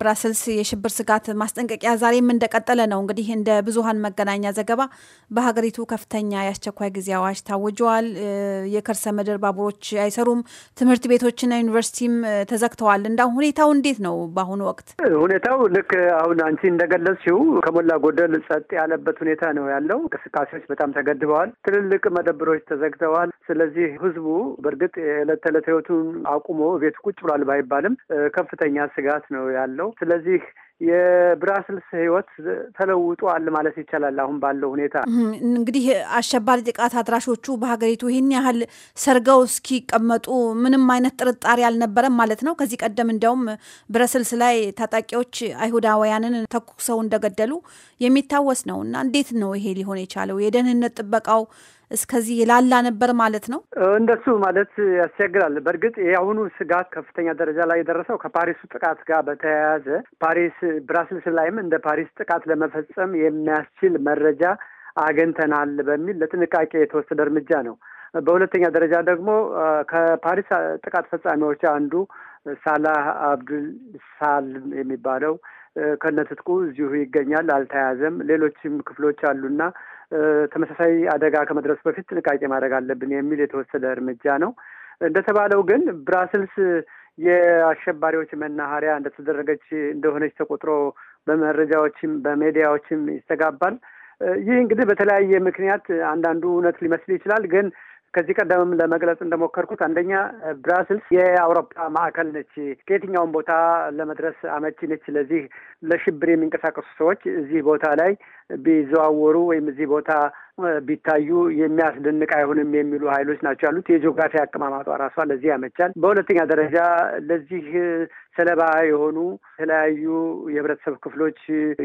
ብራሰልስ የሽብር ስጋት ማስጠንቀቂያ ዛሬም እንደቀጠለ ነው። እንግዲህ እንደ ብዙሀን መገናኛ ዘገባ በሀገሪቱ ከፍተኛ የአስቸኳይ ጊዜ አዋጅ ታውጀዋል። የከርሰ ምድር ባቡሮች አይሰሩም። ትምህርት ቤቶችና ዩኒቨርሲቲም ተዘግተዋል። እንዳ ሁኔታው እንዴት ነው በአሁኑ ወቅት? ሁኔታው ልክ አሁን አንቺ እንደገለጽሽው ከሞላ ጎደል ጸጥ ያለበት ሁኔታ ነው ያለው። እንቅስቃሴዎች በጣም ተገድበዋል። ትልልቅ መደብሮች ተዘግተዋል። ስለዚህ ህዝቡ በእርግጥ የዕለት ተዕለት ህይወቱን አቁሞ ቤት ቁጭ ብሏል ባይባልም ከፍተኛ ስጋት ነው ያለው። ነው። ስለዚህ የብራስልስ ህይወት ተለውጧል ማለት ይቻላል። አሁን ባለው ሁኔታ እንግዲህ አሸባሪ ጥቃት አድራሾቹ በሀገሪቱ ይህን ያህል ሰርገው እስኪቀመጡ ምንም አይነት ጥርጣሬ አልነበረም ማለት ነው። ከዚህ ቀደም እንዲያውም ብረስልስ ላይ ታጣቂዎች አይሁዳውያንን ተኩሰው እንደገደሉ የሚታወስ ነው እና እንዴት ነው ይሄ ሊሆን የቻለው? የደህንነት ጥበቃው እስከዚህ የላላ ነበር ማለት ነው። እንደሱ ማለት ያስቸግራል። በእርግጥ የአሁኑ ስጋት ከፍተኛ ደረጃ ላይ የደረሰው ከፓሪሱ ጥቃት ጋር በተያያዘ ፓሪስ ብራስልስ ላይም እንደ ፓሪስ ጥቃት ለመፈጸም የሚያስችል መረጃ አገንተናል በሚል ለጥንቃቄ የተወሰደ እርምጃ ነው። በሁለተኛ ደረጃ ደግሞ ከፓሪስ ጥቃት ፈጻሚዎች አንዱ ሳላህ አብዱል ሳልም የሚባለው ከነትጥቁ እዚሁ ይገኛል፣ አልተያዘም። ሌሎችም ክፍሎች አሉና ተመሳሳይ አደጋ ከመድረሱ በፊት ጥንቃቄ ማድረግ አለብን የሚል የተወሰደ እርምጃ ነው። እንደተባለው ግን ብራስልስ የአሸባሪዎች መናኸሪያ እንደተደረገች እንደሆነች ተቆጥሮ በመረጃዎችም በሜዲያዎችም ይስተጋባል። ይህ እንግዲህ በተለያየ ምክንያት አንዳንዱ እውነት ሊመስል ይችላል። ግን ከዚህ ቀደምም ለመግለጽ እንደሞከርኩት አንደኛ ብራስልስ የአውሮፓ ማዕከል ነች፣ ከየትኛውም ቦታ ለመድረስ አመቺ ነች። ለዚህ ለሽብር የሚንቀሳቀሱ ሰዎች እዚህ ቦታ ላይ ቢዘዋወሩ ወይም እዚህ ቦታ ቢታዩ የሚያስደንቅ አይሆንም የሚሉ ኃይሎች ናቸው ያሉት። የጂኦግራፊ አቀማማጧ ራሷ ለዚህ ያመቻል። በሁለተኛ ደረጃ ለዚህ ሰለባ የሆኑ የተለያዩ የህብረተሰብ ክፍሎች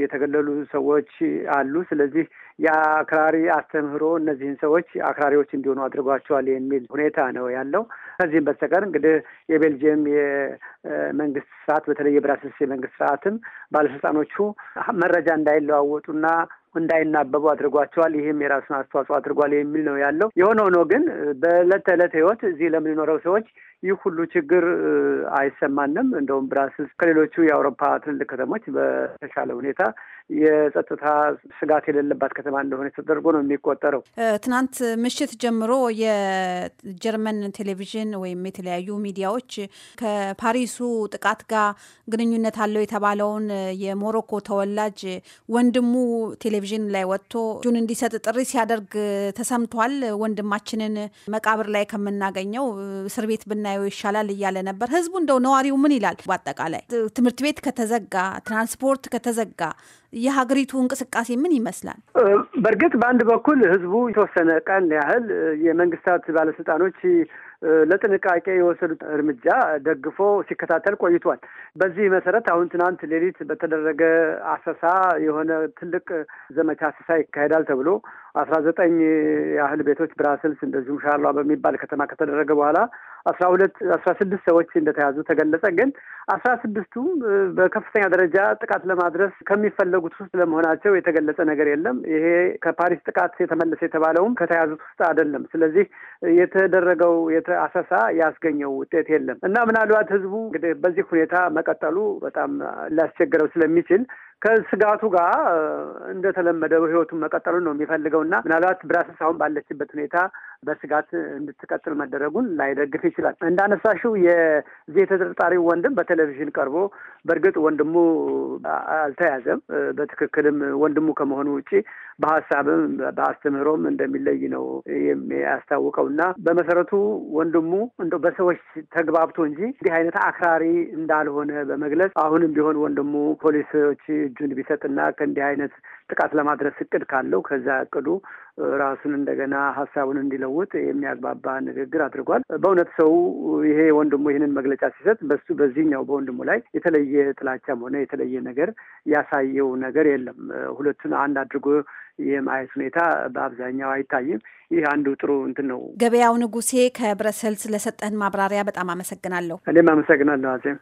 የተገለሉ ሰዎች አሉ። ስለዚህ የአክራሪ አስተምህሮ እነዚህን ሰዎች አክራሪዎች እንዲሆኑ አድርጓቸዋል የሚል ሁኔታ ነው ያለው። ከዚህም በስተቀር እንግዲህ የቤልጅየም የመንግስት ስርዓት በተለይ የብራስልስ የመንግስት ስርዓትም ባለስልጣኖቹ መረጃ እንዳይለዋወጡና እንዳይናበቡ አድርጓቸዋል። ይህም የራሱን አስተዋጽኦ አድርጓል የሚል ነው ያለው። የሆነ ሆኖ ግን በዕለት ተዕለት ህይወት እዚህ ለምንኖረው ሰዎች ይህ ሁሉ ችግር አይሰማንም። እንደውም ብራስልስ ከሌሎቹ የአውሮፓ ትልልቅ ከተሞች በተሻለ ሁኔታ የጸጥታ ስጋት የሌለባት ከተማ እንደሆነ ተደርጎ ነው የሚቆጠረው። ትናንት ምሽት ጀምሮ የጀርመን ቴሌቪዥን ወይም የተለያዩ ሚዲያዎች ከፓሪሱ ጥቃት ጋር ግንኙነት አለው የተባለውን የሞሮኮ ተወላጅ ወንድሙ ቴሌቪዥን ላይ ወጥቶ እጁን እንዲሰጥ ጥሪ ሲያደርግ ተሰምቷል። ወንድማችንን መቃብር ላይ ከምናገኘው እስር ቤት ብና ብናየው ይሻላል እያለ ነበር ህዝቡ። እንደው ነዋሪው ምን ይላል? በአጠቃላይ ትምህርት ቤት ከተዘጋ፣ ትራንስፖርት ከተዘጋ የሀገሪቱ እንቅስቃሴ ምን ይመስላል? በእርግጥ በአንድ በኩል ህዝቡ የተወሰነ ቀን ያህል የመንግስታት ባለስልጣኖች ለጥንቃቄ የወሰዱት እርምጃ ደግፎ ሲከታተል ቆይቷል። በዚህ መሰረት አሁን ትናንት ሌሊት በተደረገ አሰሳ የሆነ ትልቅ ዘመቻ አሰሳ ይካሄዳል ተብሎ አስራ ዘጠኝ ያህል ቤቶች ብራስልስ እንደዚሁም ሻርሏ በሚባል ከተማ ከተደረገ በኋላ አስራ ሁለት አስራ ስድስት ሰዎች እንደተያዙ ተገለጸ። ግን አስራ ስድስቱም በከፍተኛ ደረጃ ጥቃት ለማድረስ ከሚፈለጉት ውስጥ ለመሆናቸው የተገለጸ ነገር የለም። ይሄ ከፓሪስ ጥቃት የተመለሰ የተባለውም ከተያዙት ውስጥ አይደለም። ስለዚህ የተደረገው አሰሳ ያስገኘው ውጤት የለም እና ምናልባት ህዝቡ እንግዲህ በዚህ ሁኔታ መቀጠሉ በጣም ሊያስቸግረው ስለሚችል ከስጋቱ ጋር እንደተለመደው ህይወቱን መቀጠሉ ነው የሚፈልገው እና ምናልባት ብራስስ አሁን ባለችበት ሁኔታ በስጋት እንድትቀጥል መደረጉን ላይደግፍ ይችላል። እንዳነሳሽው የዚህ የተጠርጣሪው ወንድም በተለ በቴሌቪዥን ቀርቦ በእርግጥ ወንድሙ አልተያዘም። በትክክልም ወንድሙ ከመሆኑ ውጪ። በሀሳብም በአስተምህሮም እንደሚለይ ነው የሚያስታውቀው እና በመሰረቱ ወንድሙ እንደ በሰዎች ተግባብቶ እንጂ እንዲህ አይነት አክራሪ እንዳልሆነ በመግለጽ አሁንም ቢሆን ወንድሙ ፖሊሶች እጁን ቢሰጥና ከእንዲህ አይነት ጥቃት ለማድረስ እቅድ ካለው ከዛ እቅዱ ራሱን እንደገና ሀሳቡን እንዲለውጥ የሚያግባባ ንግግር አድርጓል። በእውነት ሰው ይሄ ወንድሙ ይህንን መግለጫ ሲሰጥ በሱ በዚህኛው በወንድሙ ላይ የተለየ ጥላቻም ሆነ የተለየ ነገር ያሳየው ነገር የለም። ሁለቱን አንድ አድርጎ የማየት ሁኔታ በአብዛኛው አይታይም። ይህ አንዱ ጥሩ እንትን ነው። ገበያው ንጉሴ ከብረሰልስ ለሰጠህን ማብራሪያ በጣም አመሰግናለሁ። እኔም አመሰግናለሁ አዜም።